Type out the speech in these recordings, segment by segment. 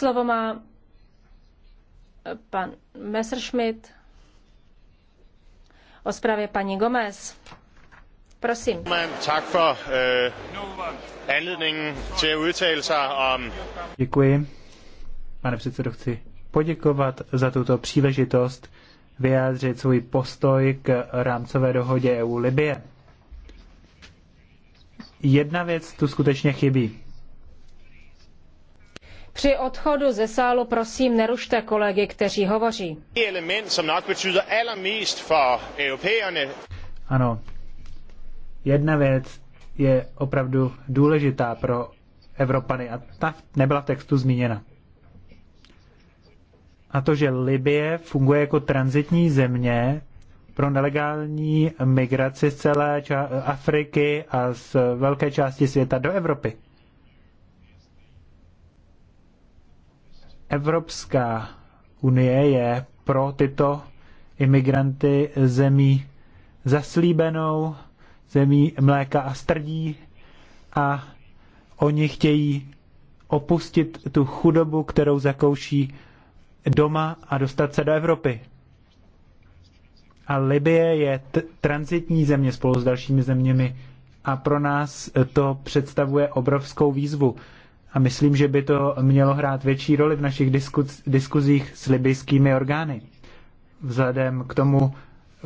Slovo má eh, pan Messerschmidt o zprávě paní Gomez. Prosím. Eh, Děkuji. Pane předsedo, chci poděkovat za tuto příležitost vyjádřit svůj postoj k rámcové dohodě EU Libie. Jedna věc tu skutečně chybí. Při odchodu ze sálu prosím nerušte kolegy, kteří hovoří. Er ano, jedna věc je opravdu důležitá pro Evropany a ta nebyla v textu zmíněna. A to, že Libie funguje jako transitní země pro nelegální migraci z celé Afriky a z velké části světa do Evropy. Evropská unie je pro tyto imigranty zemí zaslíbenou, zemí mléka a strdí a oni chtějí opustit tu chudobu, kterou zakouší doma a dostat se do Evropy. A Libie je transitní země spolu s dalšími zeměmi a pro nás to představuje obrovskou výzvu. A myslím, že by to mělo hrát větší roli v našich diskuz, diskuzích s libijskými orgány. Vzhledem k tomu,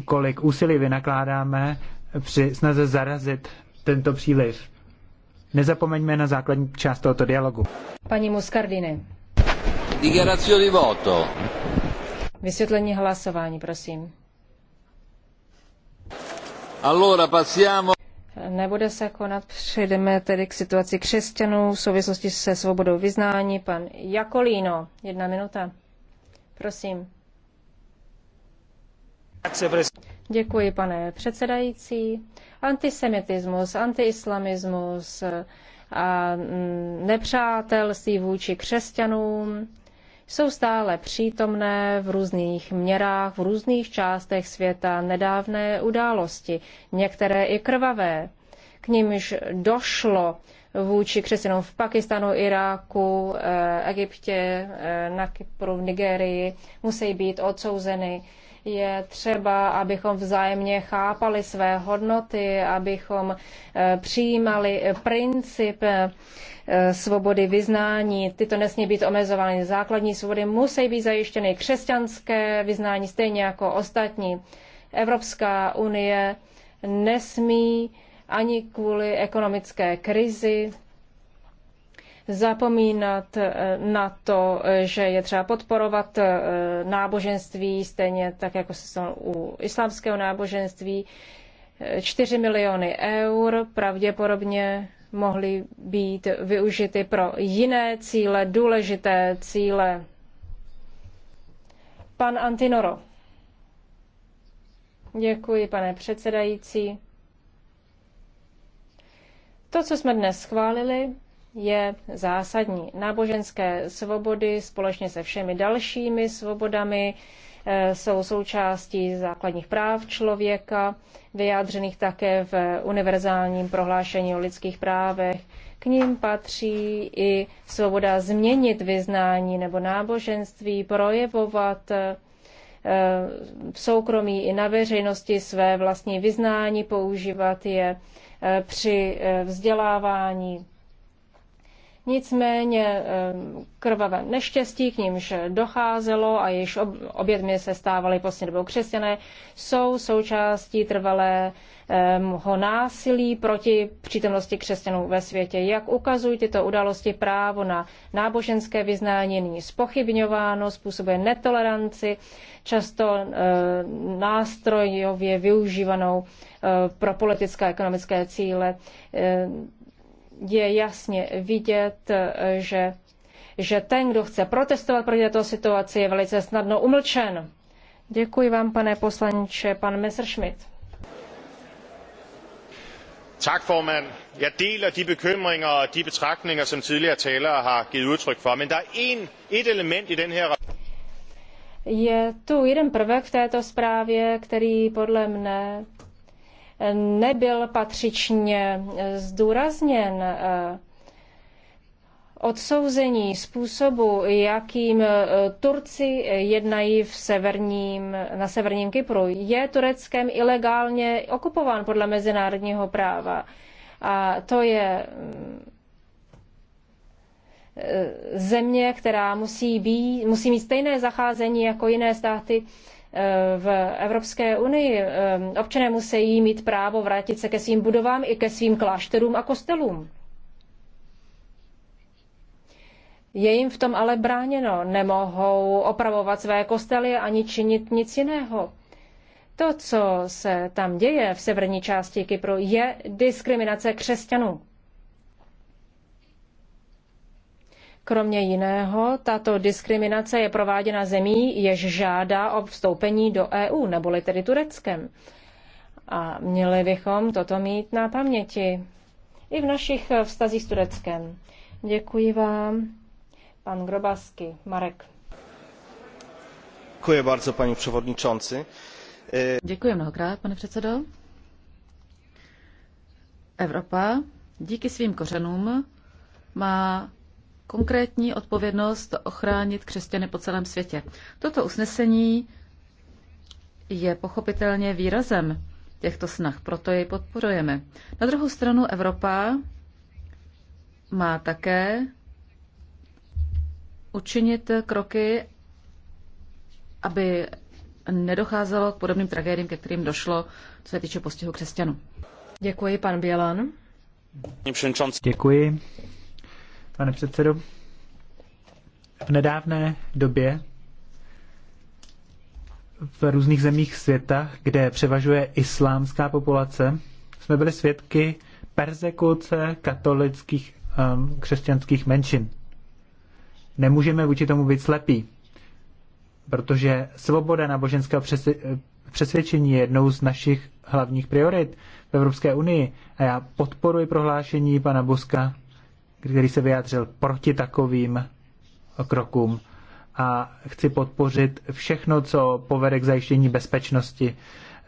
kolik úsilí vynakládáme při snaze zarazit tento příliv. Nezapomeňme na základní část tohoto dialogu. Paní Muscardini. Dichiarazione voto. Vysvětlení hlasování, prosím. Allora passiamo nebude se konat. Přejdeme tedy k situaci křesťanů v souvislosti se svobodou vyznání. Pan Jakolíno, jedna minuta. Prosím. Děkuji, pane předsedající. Antisemitismus, antiislamismus a mm, nepřátelství vůči křesťanům jsou stále přítomné v různých měrách, v různých částech světa nedávné události, některé i krvavé. K nimž došlo vůči křesťanům v Pakistanu, Iráku, eh, Egyptě, eh, na Kypru, v Nigerii, musí být odsouzeny. Je třeba, abychom vzájemně chápali své hodnoty, abychom eh, přijímali princip Eh, svobody vyznání. Tyto nesmí být omezovány. Základní svobody musí být zajištěny křesťanské vyznání, stejně jako ostatní. Evropská unie nesmí ani kvůli ekonomické krizi zapomínat eh, na to, že je třeba podporovat eh, náboženství, stejně tak, jako se u islámského náboženství. 4 miliony eur pravděpodobně mohly být využity pro jiné cíle, důležité cíle. Pan Antinoro. Děkuji, pane předsedající. To, co jsme dnes schválili, je zásadní. Náboženské svobody společně se všemi dalšími svobodami Eh, jsou součástí základních práv člověka, vyjádřených také v univerzálním prohlášení o lidských právech. K ním patří i svoboda změnit vyznání nebo náboženství, projevovat v eh, soukromí i na veřejnosti své vlastní vyznání, používat je eh, při vzdělávání Nicméně krvavé neštěstí, k nímž docházelo a již obětmi se stávaly poslední dobou křesťané, jsou součástí trvalého násilí proti přítomnosti křesťanů ve světě. Jak ukazují tyto události, právo na náboženské vyznání nyní spochybňováno, způsobuje netoleranci, často nástrojově využívanou pro politické a ekonomické cíle je jasně vidět, že, že ten, kdo chce protestovat proti této situaci, je velice snadno umlčen. Děkuji vám, pane poslanče, pan Messerschmidt. Tak, formand. Jeg deler de bekymringer og de betragtninger, som tidligere talere har givet udtryk for, men der er en, et element i den her Je tu jeden prvek v této zprávě, který podle mne nebyl patřičně eh, zdůrazněn. Eh, odsouzení způsobu, jakým eh, Turci jednají v severním, na severním Kypru, je Tureckem ilegálně okupován podle mezinárodního práva. A to je mm, země, která musí, být, musí mít stejné zacházení jako jiné státy v Evropské unii. Ehm, občané musí mít právo vrátit se ke svým budovám i ke svým klášterům a kostelům. Je jim v tom ale bráněno, nemohou opravovat své kostely ani činit nic jiného. To, co se tam děje v severní části Kypru, je diskriminace křesťanů. Kromě jiného, tato diskriminace je prováděna zemí, jež žádá o vstoupení do EU, neboli tedy Tureckem. A měli bychom toto mít na paměti i v našich eh, vztazích s Tureckem. Děkuji vám. Pan Grobasky, Marek. Děkuji bardzo, paní převodničonci. Eh, Děkuji mnohokrát, pane předsedo. Evropa díky svým kořenům má konkrétní odpovědnost ochránit křesťany po celém světě. Toto usnesení je pochopitelně výrazem těchto snah, proto jej podporujeme. Na druhou stranu Evropa má také učinit kroky, aby nedocházelo k podobným tragédiím, ke kterým došlo, co se týče postihu křesťanů. Děkuji, pan Bělan. Děkuji pane předsedo. V nedávné době v různých zemích světa, kde převažuje islámská populace, jsme byli svědky persekuce katolických um, křesťanských menšin. Nemůžeme vůči tomu být slepí, protože svoboda náboženského přesvědčení je jednou z našich hlavních priorit v Evropské unii a já podporuji prohlášení pana Buska který se vyjádřil proti takovým krokům a chci podpořit všechno, co povede k zajištění bezpečnosti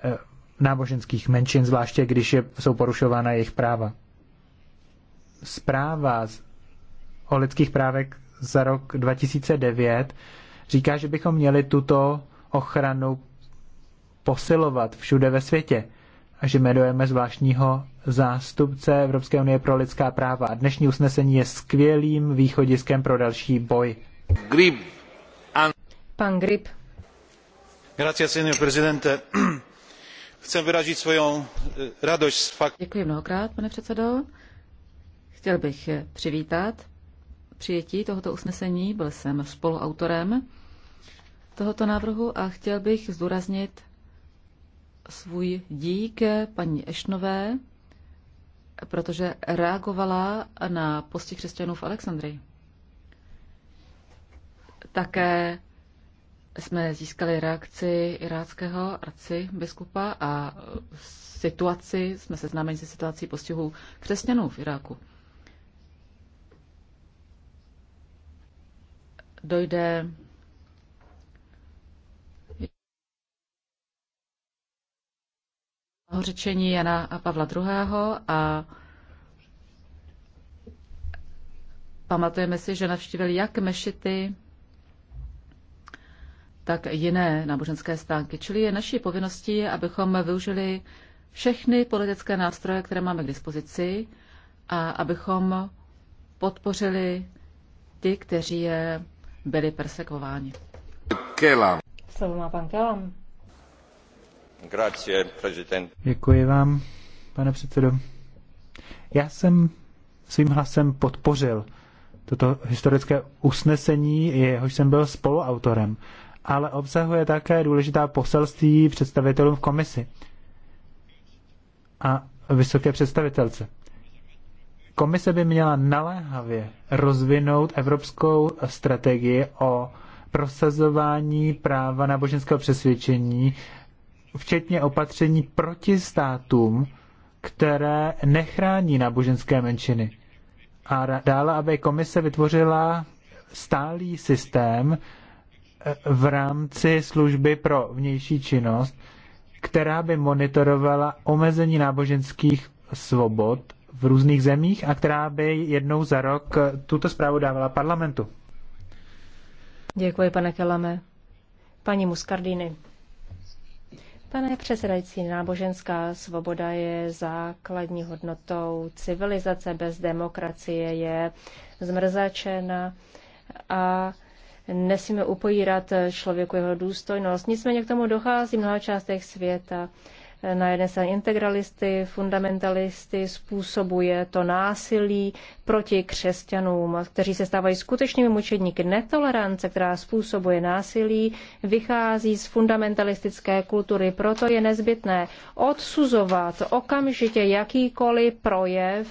eh, náboženských menšin, zvláště když je, jsou porušována jejich práva. Zpráva o lidských právech za rok 2009 říká, že bychom měli tuto ochranu posilovat všude ve světě že jmenujeme zvláštního zástupce Evropské unie pro lidská práva. Dnešní usnesení je skvělým východiskem pro další boj. Grip. An... Pan Grip. Grazie, signor presidente. Chcem vyrazit svou eh, radost z faktu. Děkuji mnohokrát, pane předsedo. Chtěl bych eh, přivítat přijetí tohoto usnesení. Byl jsem spoluautorem tohoto návrhu a chtěl bych zdůraznit svůj dík paní Ešnové, protože reagovala na posti křesťanů v Alexandrii. Také jsme získali reakci iráckého arcibiskupa a situaci, jsme seznámeni se situací postihu křesťanů v Iráku. Dojde řečení Jana Pavla II. a pamatujeme si, že navštívil jak mešity, tak jiné náboženské stánky. Čili je naší povinností, abychom využili všechny politické nástroje, které máme k dispozici a abychom podpořili ty, kteří je byli persekováni. Kelam. Slovo má pan Kelam. Děkuji vám, pane předsedo. Já jsem svým hlasem podpořil toto historické usnesení, jehož jsem byl spoluautorem, ale obsahuje také důležitá poselství představitelům v komisi a vysoké představitelce. Komise by měla naléhavě rozvinout evropskou strategii o prosazování práva náboženského přesvědčení včetně opatření proti státům, které nechrání náboženské menšiny. A dále, aby komise vytvořila stálý systém eh, v rámci služby pro vnější činnost, která by monitorovala omezení náboženských svobod v různých zemích a která by jednou za rok eh, tuto zprávu dávala parlamentu. Děkuji, pane Kelame. Paní Muscardini. Pane předsedající, náboženská svoboda je základní hodnotou civilizace. Bez demokracie je zmrzačena a nesmíme upojírat člověku jeho důstojnost. Nicméně k tomu dochází v mnoha částech světa na jedné straně integralisty, fundamentalisty, způsobuje to násilí proti křesťanům, kteří se stávají skutečnými mučedníky. Netolerance, která způsobuje násilí, vychází z fundamentalistické kultury, proto je nezbytné odsuzovat okamžitě jakýkoliv projev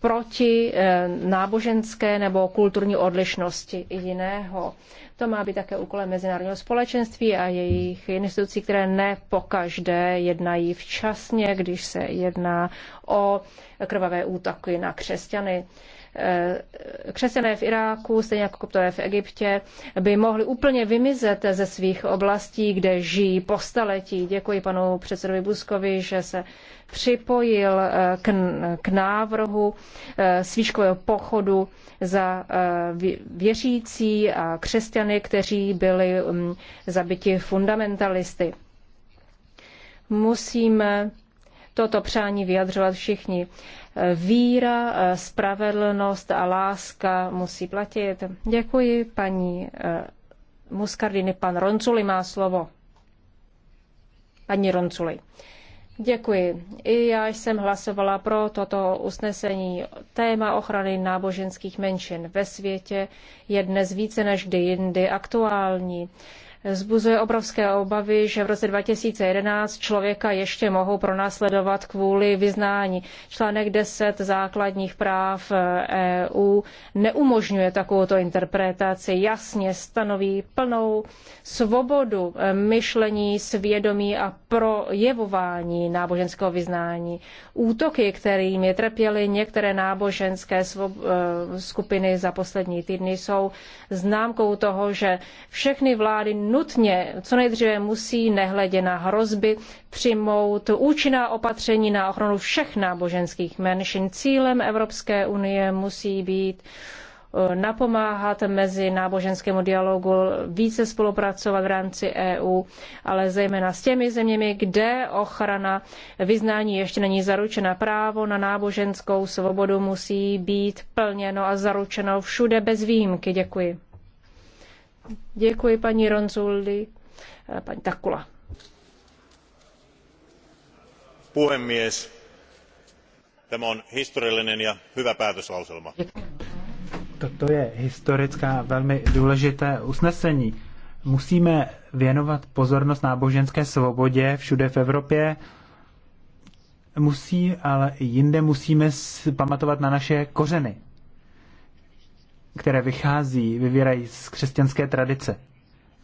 proti eh, náboženské nebo kulturní odlišnosti jiného. To má být také úkolem mezinárodního společenství a jejich institucí, které ne pokaždé jednají včasně, když se jedná o krvavé útoky na křesťany. Eh, křesťané v Iráku, stejně jako koptové v Egyptě, by mohli úplně vymizet ze svých oblastí, kde žijí po staletí. Děkuji panu předsedovi Buskovi, že se připojil eh, k, k návrhu eh, svíškového pochodu za věřící a křesťany, kteří byli mm, zabiti fundamentalisty. Musíme toto přání vyjadřovat všichni. Víra, spravedlnost a láska musí platit. Děkuji paní eh, Muskardiny. Pan Ronculi má slovo. Paní Ronculi. Děkuji. I já jsem hlasovala pro toto usnesení. Téma ochrany náboženských menšin ve světě je dnes více než kdy jindy aktuální zbuzuje obrovské obavy, že v roce 2011 člověka ještě mohou pronásledovat kvůli vyznání. Článek 10 základních práv EU neumožňuje takovouto interpretaci. Jasně stanoví plnou svobodu myšlení, svědomí a projevování náboženského vyznání. Útoky, kterými trpěly některé náboženské eh, skupiny za poslední týdny, jsou známkou toho, že všechny vlády nutně co nejdříve musí, nehledě na hrozby, přijmout účinná opatření na ochranu všech náboženských menšin. Cílem Evropské unie musí být eh, napomáhat mezi náboženskému dialogu, více spolupracovat v rámci EU, ale zejména s těmi zeměmi, kde ochrana vyznání ještě není zaručena. Právo na náboženskou svobodu musí být plněno a zaručeno všude bez výjimky. Děkuji. Děkuji paní Ronzulli, eh, paní Takula. Puhemies, tämä on historiallinen ja hyvä päätöslauselma. Toto je historická, velmi důležité usnesení. Musíme věnovat pozornost náboženské svobodě všude v Evropě. Musí, ale i jinde musíme pamatovat na naše kořeny které vychází, vyvírají z křesťanské tradice.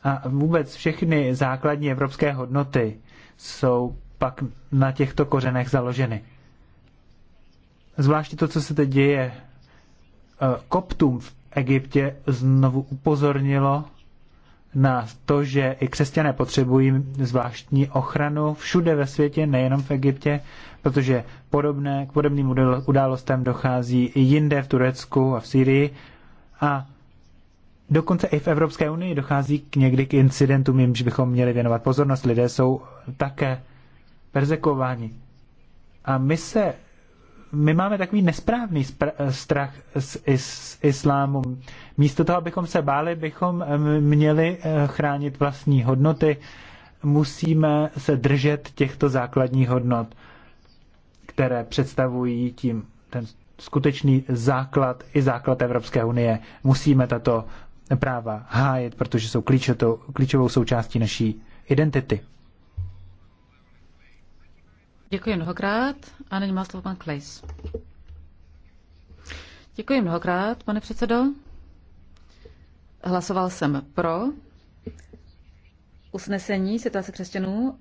A vůbec všechny základní evropské hodnoty jsou pak na těchto kořenech založeny. Zvláště to, co se teď děje eh, koptům v Egyptě, znovu upozornilo na to, že i křesťané potřebují zvláštní ochranu všude ve světě, nejenom v Egyptě, protože podobné, k podobným událostem dochází i jinde v Turecku a v Syrii a dokonce i v Evropské unii dochází k někdy k incidentům, jimž bychom měli věnovat pozornost. Lidé jsou také perzekováni. A my se my máme takový nesprávný strach z, is, islámu. Místo toho, abychom se báli, bychom měli eh, chránit vlastní hodnoty. Musíme se držet těchto základních hodnot, které představují tím ten skutečný základ i základ Evropské unie. Musíme tato práva hájit, protože jsou klíčotou, klíčovou součástí naší identity. Děkuji mnohokrát a nyní má slovo pan Klejs. Děkuji mnohokrát, pane předsedo. Hlasoval jsem pro usnesení situace křesťanů.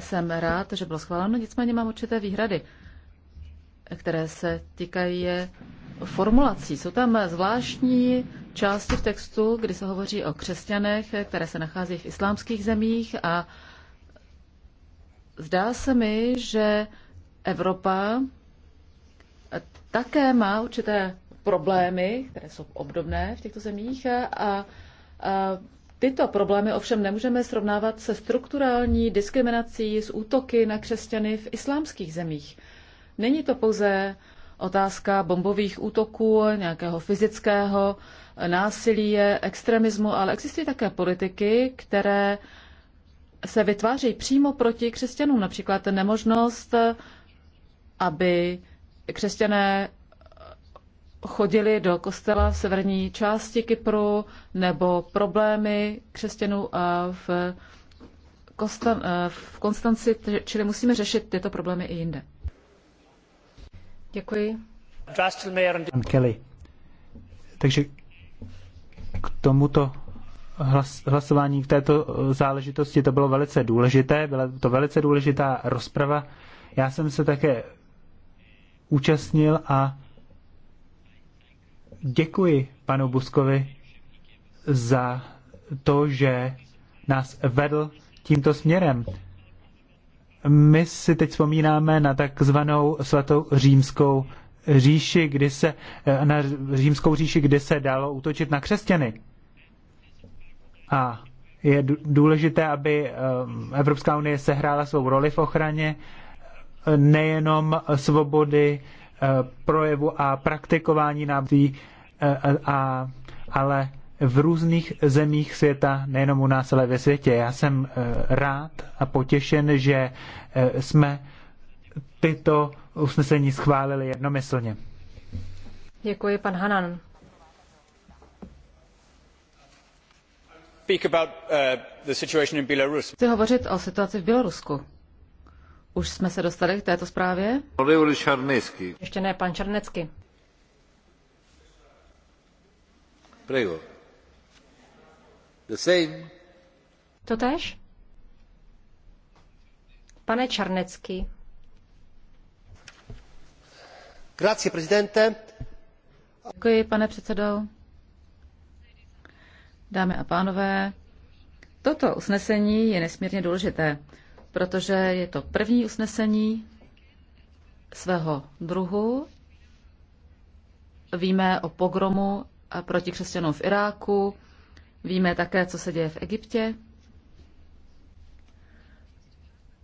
Jsem rád, že bylo schváleno, nicméně mám určité výhrady které se týkají formulací. Jsou tam zvláštní části v textu, kdy se hovoří o křesťanech, které se nachází v islámských zemích a zdá se mi, že Evropa také má určité problémy, které jsou obdobné v těchto zemích a, a tyto problémy ovšem nemůžeme srovnávat se strukturální diskriminací s útoky na křesťany v islámských zemích. Není to pouze otázka bombových útoků, nějakého fyzického násilí, extremismu, ale existují také politiky, které se vytvářejí přímo proti křesťanům. Například nemožnost, aby křesťané chodili do kostela v severní části Kypru, nebo problémy křesťanů v, Konstan- v Konstanci, čili musíme řešit tyto problémy i jinde. Děkuji. Kelly. Takže k tomuto hlasování, k této eh, záležitosti, to bylo velice důležité, byla to velice důležitá rozprava. Já jsem se také účastnil a děkuji panu Buskovi za to, že nás vedl tímto směrem my si teď vzpomínáme na takzvanou svatou římskou říši, kdy se, eh, na římskou říši, kdy se dalo útočit na křesťany. A je důležité, aby eh, Evropská unie sehrála svou roli v ochraně eh, nejenom svobody projevu a praktikování náboženství, a, ale v různých zemích světa, nejenom u nás, ale ve světě. Já jsem eh, rád a potěšen, že eh, jsme tyto usnesení schválili jednomyslně. Děkuji, pan Hanan. Eh, Chci hovořit o situaci v Bělorusku. Už jsme se dostali k této zprávě? Ještě ne, pan Černecky. Prego. The same. Totež? Pane Čarnecký. Grazie, prezidente. Děkuji, pane předsedo. Dámy a pánové, toto usnesení je nesmírně důležité, protože je to první usnesení svého druhu. Víme o pogromu proti křesťanům v Iráku, Víme také, co se děje v Egyptě.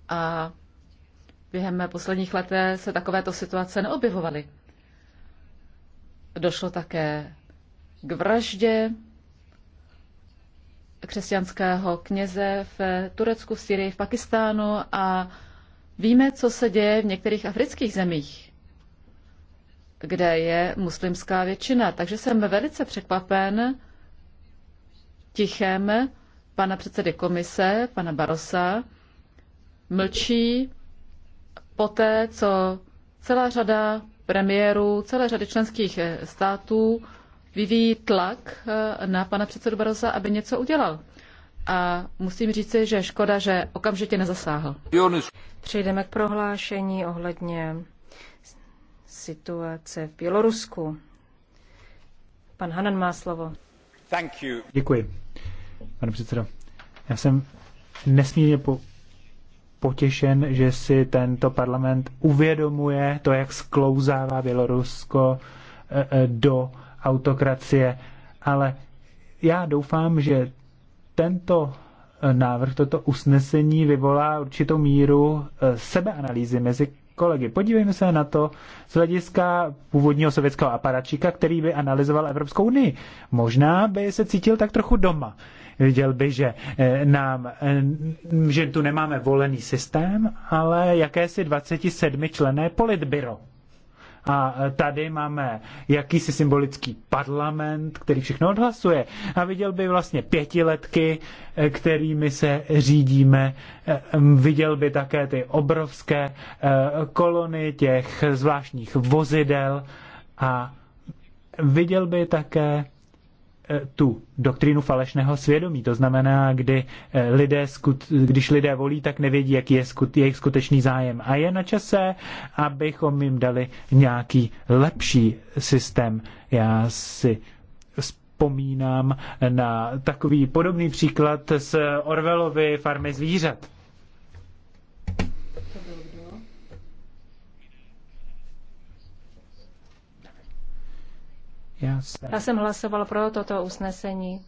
A během posledních let se takovéto situace neobjevovaly. Došlo také k vraždě křesťanského kněze v Turecku, v Syrii, v Pakistánu a víme, co se děje v některých afrických zemích, kde je muslimská většina. Takže jsem velice překvapen, Tichem, pana předsedy komise, pana Barosa, mlčí poté, co celá řada premiérů, celé řady členských eh, států vyvíjí tlak eh, na pana předsedu Barosa, aby něco udělal. A musím říci, že škoda, že okamžitě nezasáhl. Přejdeme k prohlášení ohledně situace v Bělorusku. Pan Hanan má slovo. Děkuji pane předsedo. Já jsem nesmírně po, potěšen, že si tento parlament uvědomuje to, jak sklouzává Bělorusko e, e, do autokracie, ale já doufám, že tento e, návrh, toto usnesení vyvolá určitou míru sebeanalýzy mezi kolegy. Podívejme se na to z hlediska původního sovětského aparačíka, který by analyzoval Evropskou unii. Možná by se cítil tak trochu doma. Viděl by, že, eh, nám, eh, že tu nemáme volený systém, ale jakési 27 člené politbyro. A tady máme jakýsi symbolický parlament, který všechno odhlasuje. A viděl by vlastně pětiletky, eh, kterými se řídíme. Eh, viděl by také ty obrovské eh, kolony těch zvláštních vozidel a viděl by také Eh, tu doktrínu falešného svědomí. To znamená, kdy eh, lidé, když lidé volí, tak nevědí, jaký je jejich skutečný zájem. A je na čase, abychom jim dali nějaký lepší systém. Já si vzpomínám na takový podobný příklad z Orvelovy farmy zvířat. Já jsem hlasoval pro toto usnesení.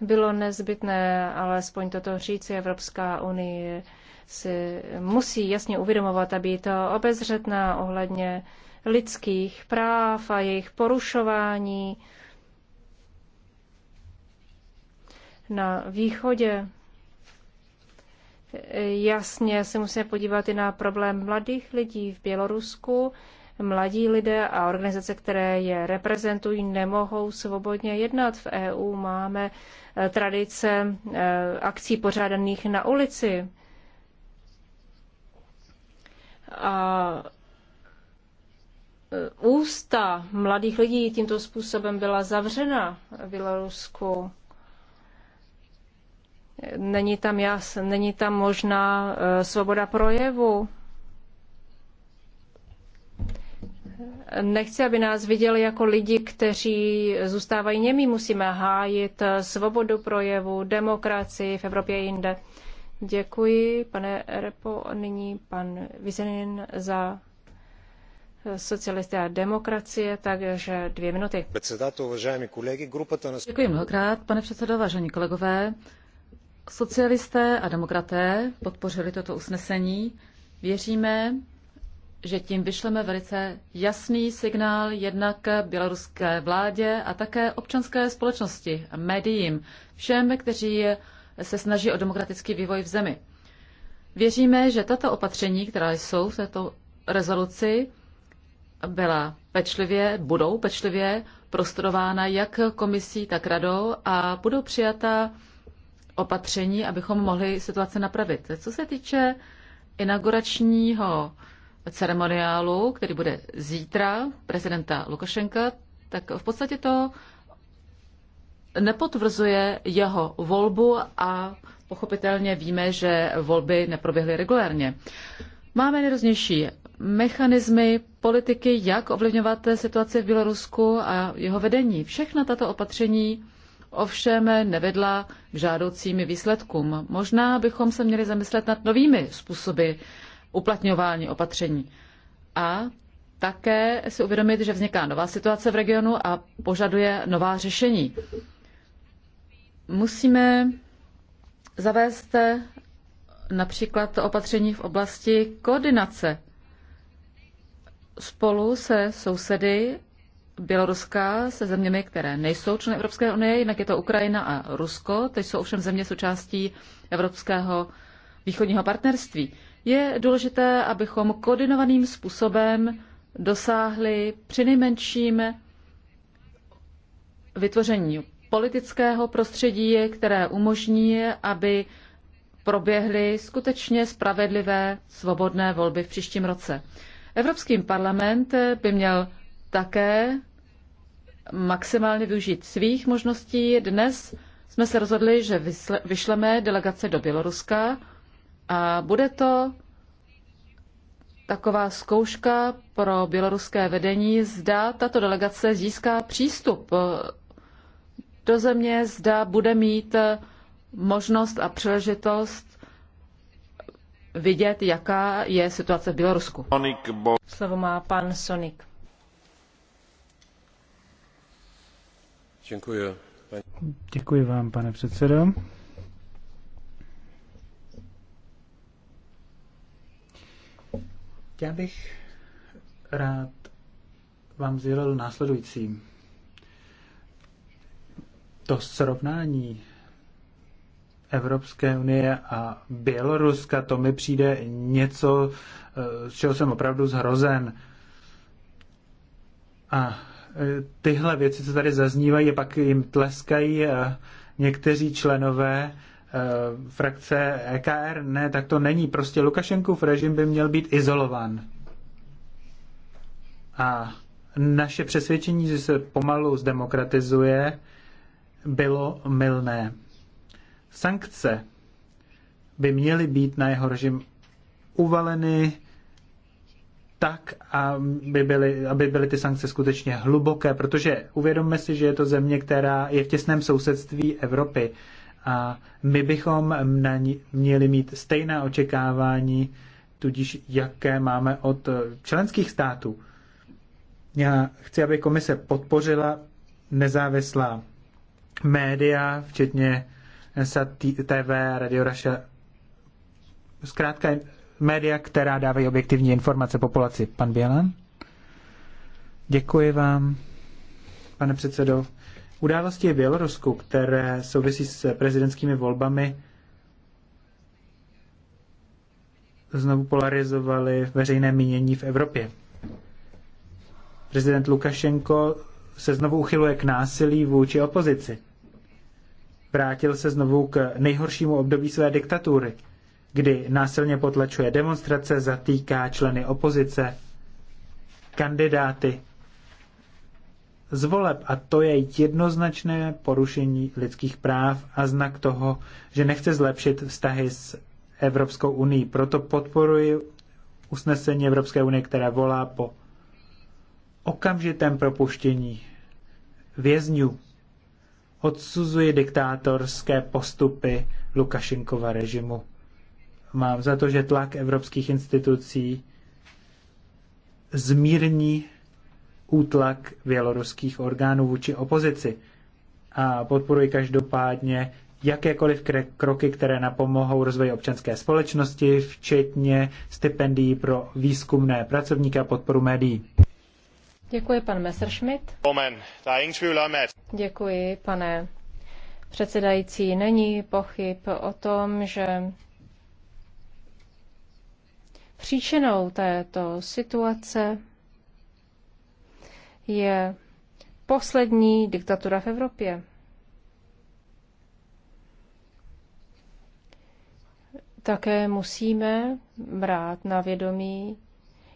Bylo nezbytné alespoň toto říci. Evropská unie si musí jasně uvědomovat aby to obezřetná ohledně lidských práv a jejich porušování na východě. Jasně se musíme podívat i na problém mladých lidí v Bělorusku, mladí lidé a organizace, které je reprezentují, nemohou svobodně jednat. V EU máme eh, tradice eh, akcí pořádaných na ulici. A eh, ústa mladých lidí tímto způsobem byla zavřena v Bělorusku. Není tam, jas, není tam možná svoboda projevu. nechci, aby nás viděli jako lidi, kteří zůstávají němi. Musíme hájit svobodu projevu, demokracii v Evropě i jinde. Děkuji, pane Repo. Nyní pan Vizenin za socialisty a demokracie, takže dvě minuty. Děkuji mnohokrát, pane předsedo, vážení kolegové. Socialisté a demokraté podpořili toto usnesení. Věříme, že tím vyšleme velice jasný signál jednak běloruské vládě a také občanské společnosti, médiím, všem, kteří se snaží o demokratický vývoj v zemi. Věříme, že tato opatření, která jsou v této rezoluci, byla pečlivě, budou pečlivě prostudována jak komisí, tak radou a budou přijata opatření, abychom mohli situaci napravit. Co se týče inauguračního ceremoniálu, který bude zítra, prezidenta Lukašenka, tak v podstatě to nepotvrzuje jeho volbu a pochopitelně víme, že volby neproběhly regulérně. Máme nejrůznější mechanismy politiky, jak ovlivňovat situaci v Bělorusku a jeho vedení. Všechna tato opatření ovšem nevedla k žádoucím výsledkům. Možná bychom se měli zamyslet nad novými způsoby uplatňování opatření. A také si uvědomit, že vzniká nová situace v regionu a požaduje nová řešení. Musíme zavést například opatření v oblasti koordinace spolu se sousedy Běloruska se zeměmi, které nejsou členy Evropské unie, jinak je to Ukrajina a Rusko, to jsou ovšem země součástí Evropského východního partnerství. Je důležité, abychom koordinovaným způsobem dosáhli přinejmenším vytvoření politického prostředí, které umožní, aby proběhly skutečně spravedlivé svobodné volby v příštím roce. Evropský parlament by měl také maximálně využít svých možností. Dnes jsme se rozhodli, že vyšleme delegace do Běloruska a bude to taková zkouška pro běloruské vedení, zda tato delegace získá přístup eh, do země, zda bude mít eh, možnost a příležitost vidět, jaká je situace v Bělorusku. Slovo má pan Sonik. Děkuji. Děkuji vám, pane předsedo. Já bych rád vám sdělil následující. To srovnání Evropské unie a Běloruska, to mi přijde něco, z čeho jsem opravdu zhrozen. A e, tyhle věci, co tady zaznívají, pak jim tleskají e, někteří členové Eh, frakce EKR, ne, tak to není. Prostě Lukašenkův režim by měl být izolován. A naše přesvědčení, že se pomalu zdemokratizuje, bylo mylné. Sankce by měly být na jeho režim uvaleny tak, aby byly, aby byly ty sankce skutečně hluboké, protože uvědomme si, že je to země, která je v těsném sousedství Evropy a my bychom na ní měli mít stejná očekávání, tudíž jaké máme od členských států. Já chci, aby komise podpořila nezávislá média, včetně SAT TV, Radio Russia, zkrátka média, která dávají objektivní informace populaci. Pan Bělan? Děkuji vám, pane předsedo. Události v Bělorusku, které souvisí s prezidentskými volbami, znovu polarizovaly veřejné mínění v Evropě. Prezident Lukašenko se znovu uchyluje k násilí vůči opozici. Vrátil se znovu k nejhoršímu období své diktatury, kdy násilně potlačuje demonstrace, zatýká členy opozice, kandidáty z voleb a to je jednoznačné porušení lidských práv a znak toho, že nechce zlepšit vztahy s Evropskou unii. Proto podporuji usnesení Evropské unie, které volá po okamžitém propuštění vězňů. Odsuzuji diktátorské postupy Lukašenkova režimu. Mám za to, že tlak evropských institucí zmírní útlak běloruských orgánů vůči opozici a podporuji každopádně jakékoliv kroky, které napomohou rozvoji občanské společnosti, včetně stipendií pro výzkumné pracovníky a podporu médií. Děkuji, pan Messerschmidt. Děkuji, pane předsedající. Není pochyb o tom, že příčinou této situace je poslední diktatura v Evropě. Také musíme brát na vědomí,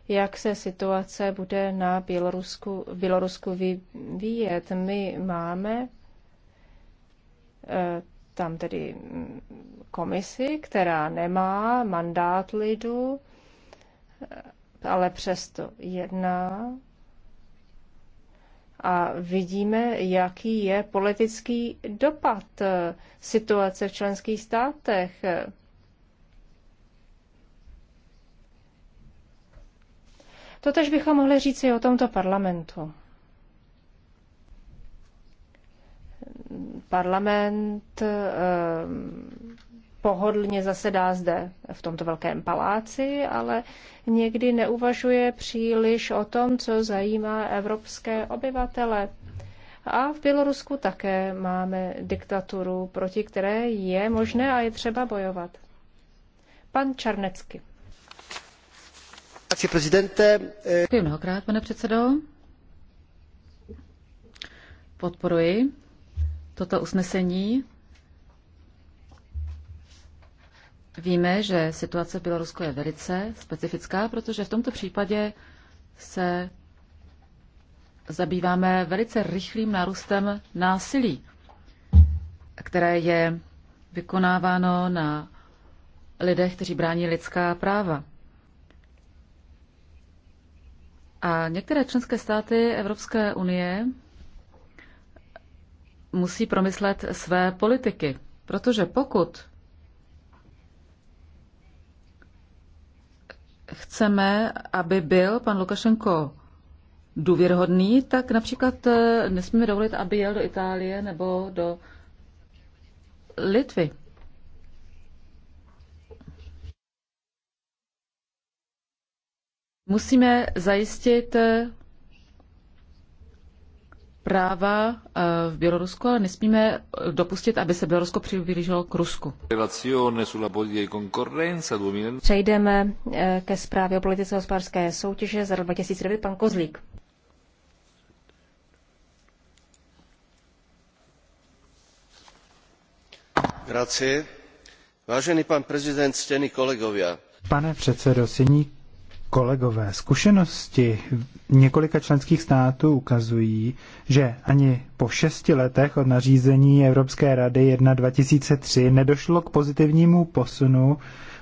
jak se situace bude na Bělorusku, Bělorusku vyvíjet. My máme eh, tam tedy mm, komisi, která nemá mandát lidu, eh, ale přesto jedná a vidíme, jaký je politický dopad eh, situace v členských státech. Totež bychom mohli říct i o tomto parlamentu. Parlament eh, pohodlně zasedá zde v tomto velkém paláci, ale někdy neuvažuje příliš o tom, co zajímá evropské obyvatele. A v Bělorusku také máme diktaturu, proti které je možné a je třeba bojovat. Pan Čarnecky. Děkuji mnohokrát, pane předsedo. Podporuji toto usnesení Víme, že situace v Bělorusku je velice specifická, protože v tomto případě se zabýváme velice rychlým nárůstem násilí, které je vykonáváno na lidech, kteří brání lidská práva. A některé členské státy Evropské unie musí promyslet své politiky, protože pokud chceme, aby byl pan Lukašenko důvěrhodný, tak například eh, nesmíme dovolit, aby jel do Itálie nebo do Litvy. Musíme zajistit eh, práva eh, v Bělorusku, ale nesmíme eh, dopustit, aby se Bělorusko přiblížilo k Rusku. Přejdeme eh, ke zprávě o politice hospodářské soutěže za rok 2009. Pan Kozlík. Grazie. Vážený pan prezident, ctění kolegovia. Pane předsedo, ctění kolegové, zkušenosti několika členských států ukazují, že ani po šesti letech od nařízení Evropské rady 1 2003 nedošlo k pozitivnímu posunu,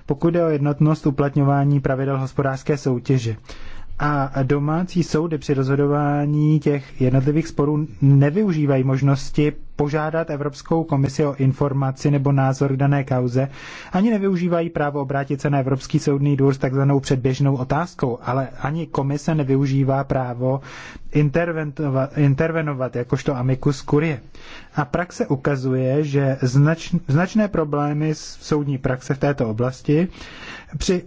pokud je o jednotnost uplatňování pravidel hospodářské soutěže a domácí soudy při rozhodování těch jednotlivých sporů nevyužívají možnosti požádat Evropskou komisi o informaci nebo názor k dané kauze, ani nevyužívají právo obrátit se na Evropský soudní dvůr s takzvanou předběžnou otázkou, ale ani komise nevyužívá právo intervenovat jakožto amicus curie. A praxe ukazuje, že značné problémy s soudní praxe v této oblasti při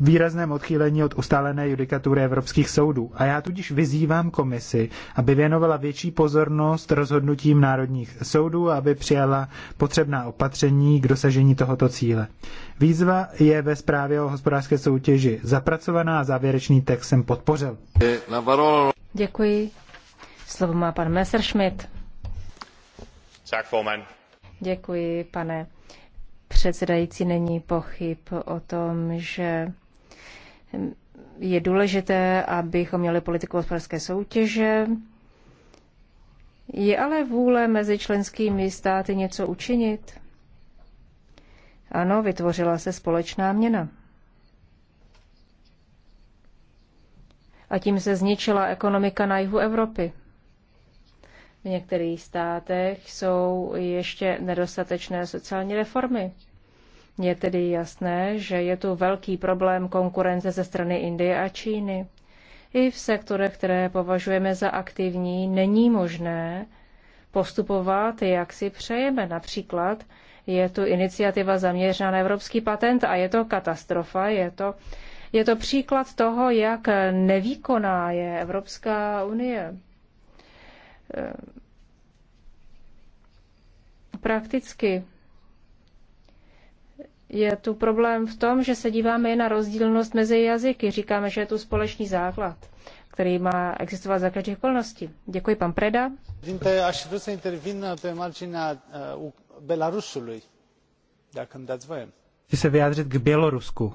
výrazném odchýlení od ustálené judikatury evropských soudů. A já tudíž vyzývám komisi, aby věnovala větší pozornost rozhodnutím národních soudů a aby přijala potřebná opatření k dosažení tohoto cíle. Výzva je ve zprávě o hospodářské soutěži zapracovaná a závěrečný text jsem podpořil. Děkuji. Slovo má pan Messerschmidt. Děkuji, pane předsedající, není pochyb o tom, že je důležité, abychom měli politiku hospodářské soutěže. Je ale vůle mezi členskými státy něco učinit? Ano, vytvořila se společná měna. A tím se zničila ekonomika na jihu Evropy. V některých státech jsou ještě nedostatečné sociální reformy. Je tedy jasné, že je tu velký problém konkurence ze strany Indie a Číny. I v sektorech, které považujeme za aktivní, není možné postupovat, jak si přejeme. Například je tu iniciativa zaměřená na evropský patent a je to katastrofa, je to, je to příklad toho, jak nevýkonná je Evropská unie. Ehm, prakticky je tu problém v tom, že se díváme na rozdílnost mezi jazyky. Říkáme, že je tu společný základ, který má existovat za každých okolností. Děkuji, pan Preda. Aș se, uh, Chci se vyjádřit k Bělorusku.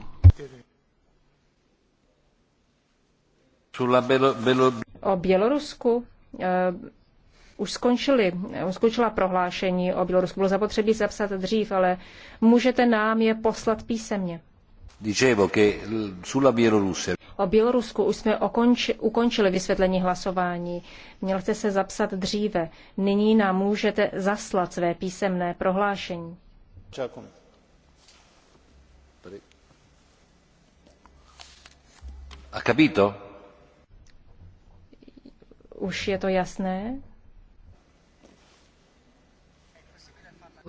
O Bělorusku eh, už skončili, skončila prohlášení o Bělorusku. Bylo zapotřebí zapsat dřív, ale můžete nám je poslat písemně. Dicevo che sulla Bielorussia. O Bělorusku už jsme okonči, ukončili vysvětlení hlasování. Měl jste se zapsat dříve. Nyní nám můžete zaslat své písemné prohlášení. Čakujem. A capito? Už je to jasné?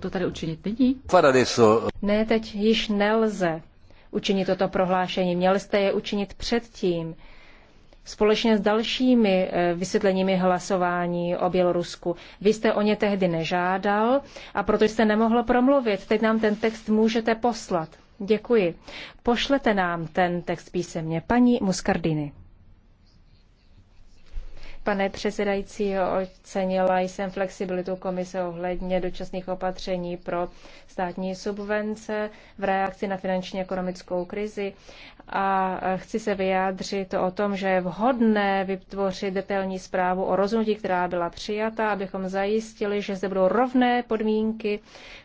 to tady učinit nyní? Ne, teď již nelze učinit toto prohlášení. Měl jste je učinit předtím. Společně s dalšími eh, vysvětleními hlasování o Bělorusku. Vy jste o ně tehdy nežádal a proto jste nemohl promluvit. Teď nám ten text můžete poslat. Děkuji. Pošlete nám ten text písemně. Paní Muscardini. Pane předsedající, ocenila jsem flexibilitu komise ohledně dočasných opatření pro státní subvence v reakci na finanční ekonomickou krizi a chci se vyjádřit o tom, že je vhodné vytvořit detailní zprávu o rozhodnutí, která byla přijata, abychom zajistili, že zde budou rovné podmínky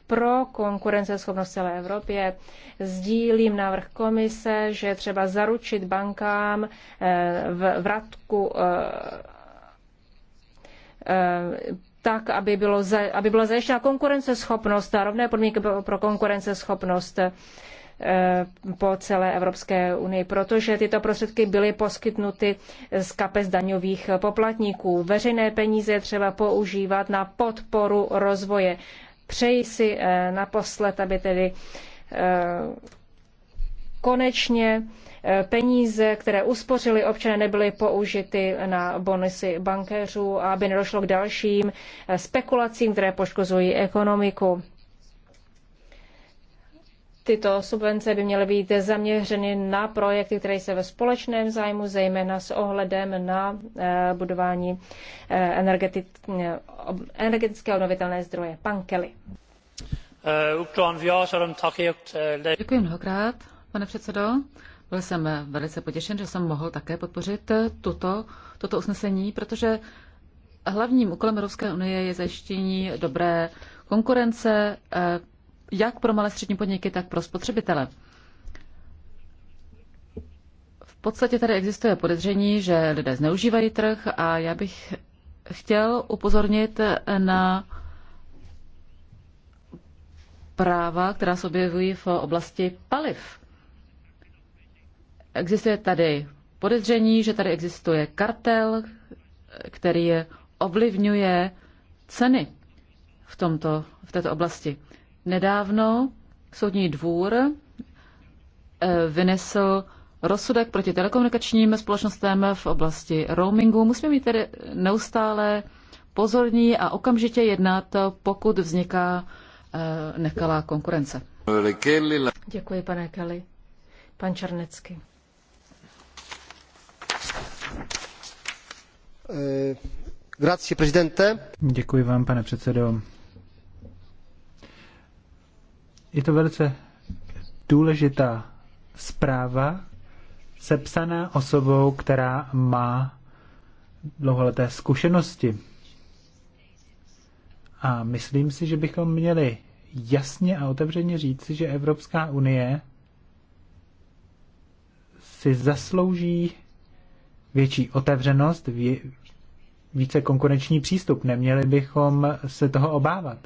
pro konkurenceschopnost celé Evropě. Sdílím návrh komise, že třeba zaručit bankám eh, v vratku eh, eh, tak, aby, bylo, aby byla zajištěna konkurenceschopnost a rovné podmínky pro konkurenceschopnost po celé Evropské unii, protože tyto prostředky byly poskytnuty z kapes daňových poplatníků. Veřejné peníze je třeba používat na podporu rozvoje. Přeji si eh, naposled, aby tedy eh, konečně eh, peníze, které uspořili občané, nebyly použity na bonusy bankéřů a aby nedošlo k dalším spekulacím, které poškozují ekonomiku. Tyto subvence by měly být zaměřeny na projekty, které se ve společném zájmu, zejména s ohledem na eh, budování eh, energetické obnovitelné zdroje. Pan Kelly. Eh, Děkuji mnohokrát, pane předsedo. Byl jsem velice potěšen, že jsem mohl také podpořit tuto, toto usnesení, protože hlavním úkolem Evropské unie je zajištění dobré konkurence jak pro malé střední podniky, tak pro spotřebitele. V podstatě tady existuje podezření, že lidé zneužívají trh a já bych chtěl upozornit na práva, která se objevují v oblasti paliv. Existuje tady podezření, že tady existuje kartel, který ovlivňuje ceny v, tomto, v této oblasti. Nedávno soudní dvůr eh, vynesl rozsudek proti telekomunikačním společnostem v oblasti roamingu. Musíme mít tedy neustále pozorní a okamžitě jednat, pokud vzniká eh, nekalá konkurence. Děkuji, pane Kelly. Pan Černecký. Eh, Děkuji vám, pane předsedo. Je to velice důležitá zpráva, sepsaná osobou, která má dlouholeté zkušenosti. A myslím si, že bychom měli jasně a otevřeně říci, že Evropská unie si zaslouží větší otevřenost, více konkurenční přístup. Neměli bychom se toho obávat.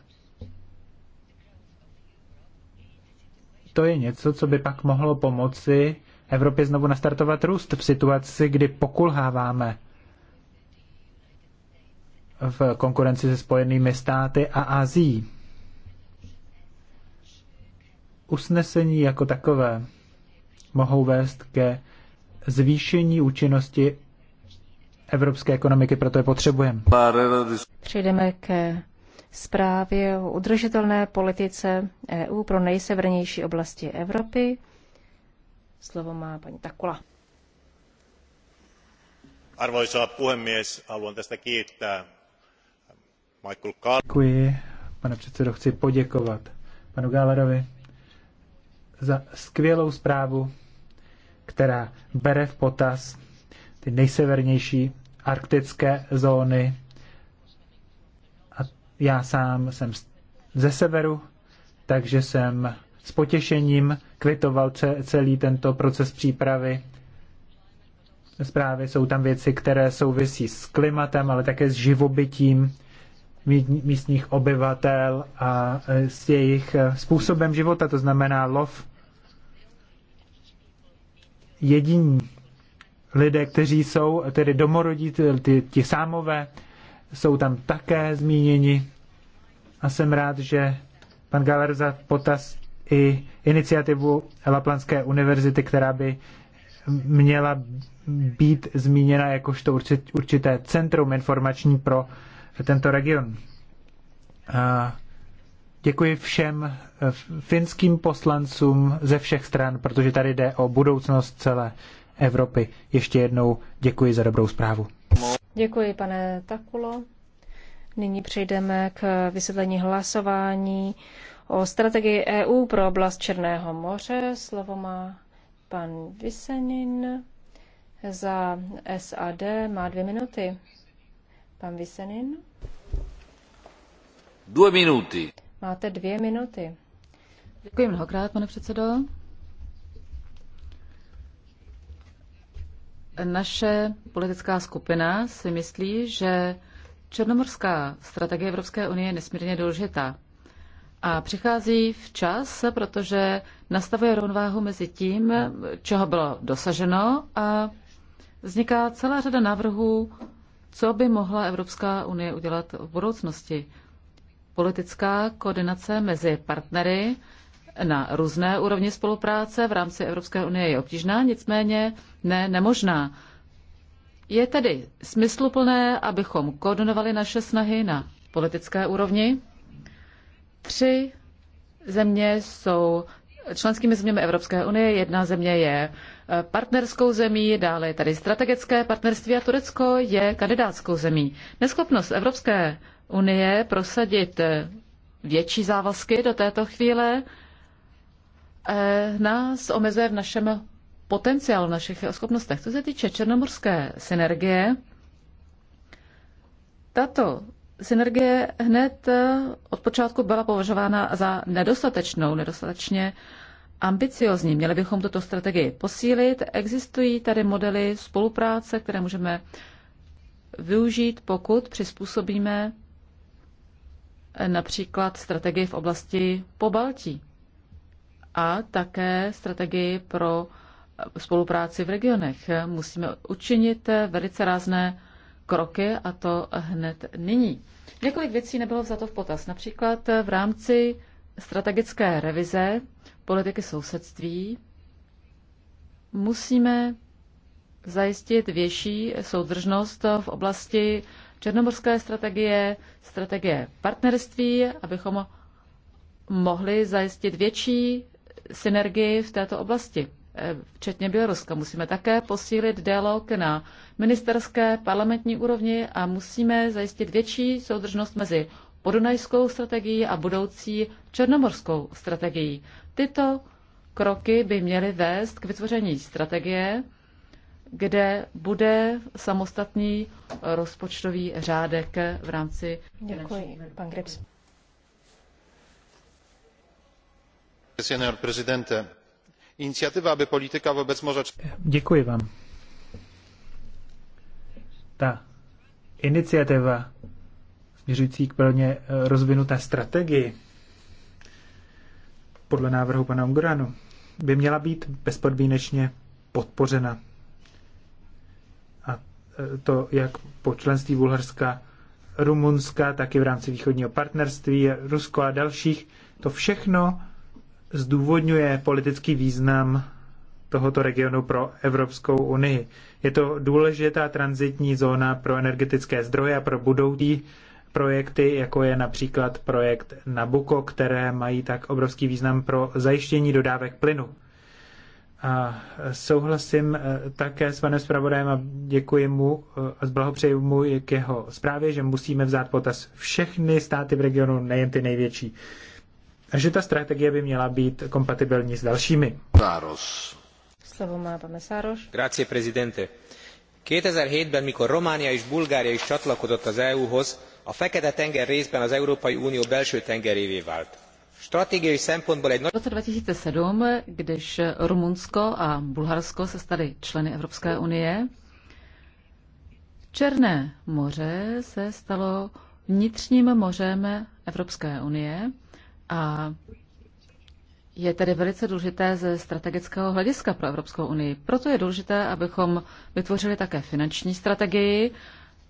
to je něco, co by pak mohlo pomoci Evropě znovu nastartovat růst v situaci, kdy pokulháváme v konkurenci se Spojenými státy a Azií. Usnesení jako takové mohou vést ke zvýšení účinnosti evropské ekonomiky, proto je potřebujeme. Přejdeme ke zprávě o udržitelné politice EU pro nejsevernější oblasti Evropy. Slovo má paní Takula. Arvoisa puhemies, haluan tästä kiittää Michael Kahn. Děkuji, pane předsedo, chci poděkovat panu Gálerovi za skvělou zprávu, která bere v potaz ty nejsevernější arktické zóny já sám jsem ze severu, takže jsem s potěšením kvitoval celý tento proces přípravy. Zprávy jsou tam věci, které souvisí s klimatem, ale také s živobytím místních obyvatel a e, s jejich e, způsobem života, to znamená lov. Jediní lidé, kteří jsou tedy domorodí, ti, sámové, jsou tam také zmíněni a jsem rád, že pan Galer za potaz i iniciativu Laplanské univerzity, která by měla být zmíněna jakožto určité centrum informační pro tento region. A děkuji všem finským poslancům ze všech stran, protože tady jde o budoucnost celé Evropy. Ještě jednou děkuji za dobrou zprávu. Děkuji, pane Takulo. Nyní přejdeme k vysvětlení hlasování o strategii EU pro oblast Černého moře. Slovo má pan Vysenin za SAD. Má dvě minuty. Pan Vysenin. Dvě minuty. Máte dvě minuty. Děkuji mnohokrát, pane předsedo. Naše politická skupina si myslí, že černomorská strategie Evropské unie je nesmírně důležitá. A přichází v čas, protože nastavuje rovnováhu mezi tím, čeho bylo dosaženo a vzniká celá řada návrhů, co by mohla Evropská unie udělat v budoucnosti. Politická koordinace mezi partnery na různé úrovni spolupráce v rámci Evropské unie je obtížná, nicméně ne nemožná. Je tedy smysluplné, abychom koordinovali naše snahy na politické úrovni. Tři země jsou členskými zeměmi Evropské unie, jedna země je eh, partnerskou zemí, dále je tady strategické partnerství a Turecko je kandidátskou zemí. Neschopnost Evropské unie prosadit eh, větší závazky do této chvíle Eh, nás omezuje v našem potenciálu, v našich schopnostech. Co se týče černomorské synergie, tato synergie hned eh, od počátku byla považována za nedostatečnou, nedostatečně ambiciozní. Měli bychom tuto strategii posílit. Existují tady modely spolupráce, které můžeme využít, pokud přizpůsobíme eh, například strategii v oblasti po Baltí a také strategii pro spolupráci v regionech. Musíme učinit velice rázné kroky a to hned nyní. Několik věcí nebylo vzato v potaz. Například v rámci strategické revize politiky sousedství musíme zajistit větší soudržnost v oblasti černomorské strategie, strategie partnerství, abychom mohli zajistit větší synergii v této oblasti, eh, včetně Běloruska. Musíme také posílit dialog na ministerské parlamentní úrovni a musíme zajistit větší soudržnost mezi podunajskou strategií a budoucí černomorskou strategií. Tyto kroky by měly vést k vytvoření strategie, kde bude samostatný rozpočtový řádek v rámci. Děkuji, pan Grips. iniciativa, aby politika wobec morza. Děkuji vám. Ta iniciativa směřující k plně eh, strategii podle návrhu pana Unguranu by měla být bezpodmínečně podpořena. A eh, to jak po členství Bulharska, Rumunska, tak i v rámci východního partnerství, Rusko a dalších, to všechno zdůvodňuje politický význam tohoto regionu pro Evropskou unii. Je to důležitá transitní zóna pro energetické zdroje a pro budoucí projekty, jako je například projekt Nabuko, které mají tak obrovský význam pro zajištění dodávek plynu. A souhlasím eh, také s panem zpravodajem a děkuji mu eh, a blahopřeji mu k jeho zprávě, že musíme vzát potaz všechny státy v regionu, nejen ty největší. A že ta strategie by měla být kompatibilní s dalšími. Sáros. Slovo má pan Sáros. Grazie, prezidente. 2007-ben, mikor Románia és Bulgária is csatlakozott az EU-hoz, a Fekete-tenger részben az Európai Unió belső tengerévé vált. Strategiai szempontból egy... V roce 2007, když Rumunsko a Bulharsko se staly členy Evropské unie, Černé moře se stalo vnitřním mořem Evropské unie a je tedy velice důležité ze strategického hlediska pro Evropskou unii. Proto je důležité, abychom vytvořili také finanční strategii.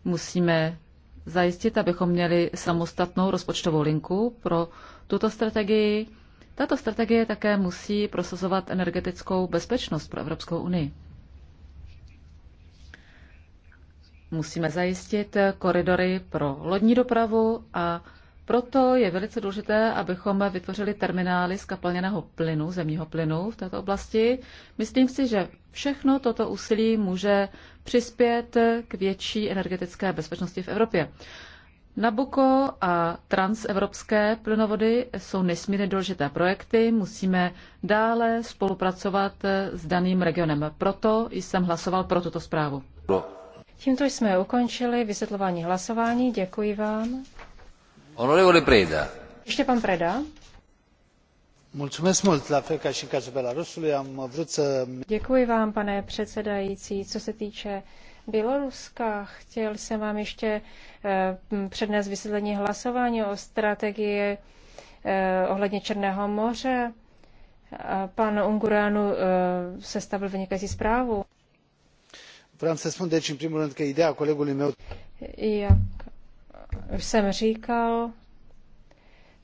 Musíme zajistit, abychom měli samostatnou rozpočtovou linku pro tuto strategii. Tato strategie také musí prosazovat energetickou bezpečnost pro Evropskou unii. Musíme zajistit koridory pro lodní dopravu a proto je velice důležité, abychom vytvořili terminály z plynu, zemního plynu v této oblasti. Myslím si, že všechno toto úsilí může přispět k větší energetické bezpečnosti v Evropě. Nabuko a transevropské plynovody jsou nesmírně důležité projekty, musíme dále spolupracovat s daným regionem. Proto jsem hlasoval pro tuto zprávu. Tímto jsme ukončili vysvětlování hlasování. Děkuji vám pan Děkuji vám, pane předsedající. Co se týče Běloruska. Chtěl jsem vám ještě eh, přednést vysvětlení hlasování o strategii eh, ohledně Černého moře. Pan Ungureanu eh, sestavil vynikající zprávu. Vreau să spun deci în primul rând că Jak jsem říkal,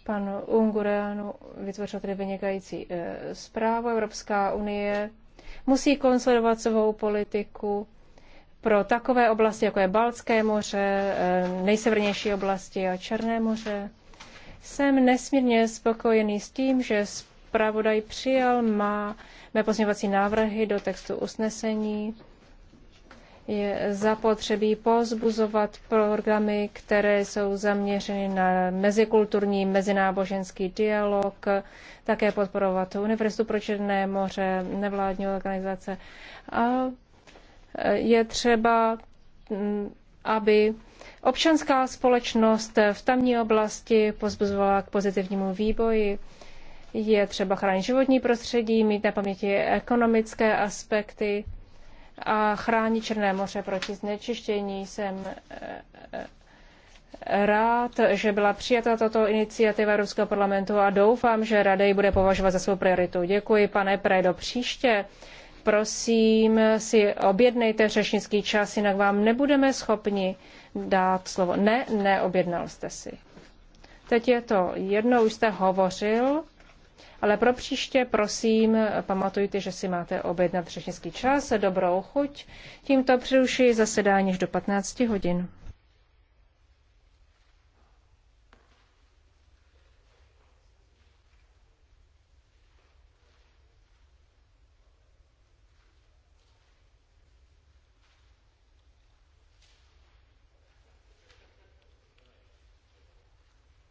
pan Ungureanu vytvořil tedy vynikající eh, zprávu. Evropská unie musí konsolidovat svou politiku pro takové oblasti, jako je Baltské moře, eh, nejsevernější oblasti a Černé moře. Jsem nesmírně spokojený s tím, že zpravodaj přijal má mé pozměňovací návrhy do textu usnesení je zapotřebí pozbuzovat programy, které jsou zaměřeny na mezikulturní, mezináboženský dialog, také podporovat Univerzitu pro Černé moře, nevládní organizace. A eh, je třeba, mm, aby občanská společnost v tamní oblasti pozbuzovala k pozitivnímu výboji. Je třeba chránit životní prostředí, mít na paměti ekonomické aspekty a chrání Černé moře proti znečištění. Jsem eh, eh, rád, že byla přijata tato iniciativa Evropského parlamentu a doufám, že Rada ji bude považovat za svou prioritu. Děkuji, pane do Příště prosím si objednejte řečnický čas, jinak vám nebudeme schopni dát slovo. Ne, neobjednal jste si. Teď je to jedno, už jste hovořil. Ale pro příště, prosím, pamatujte, že si máte objednat řečnický čas. Dobrou chuť. Tímto přerušuji zasedání až do 15 hodin.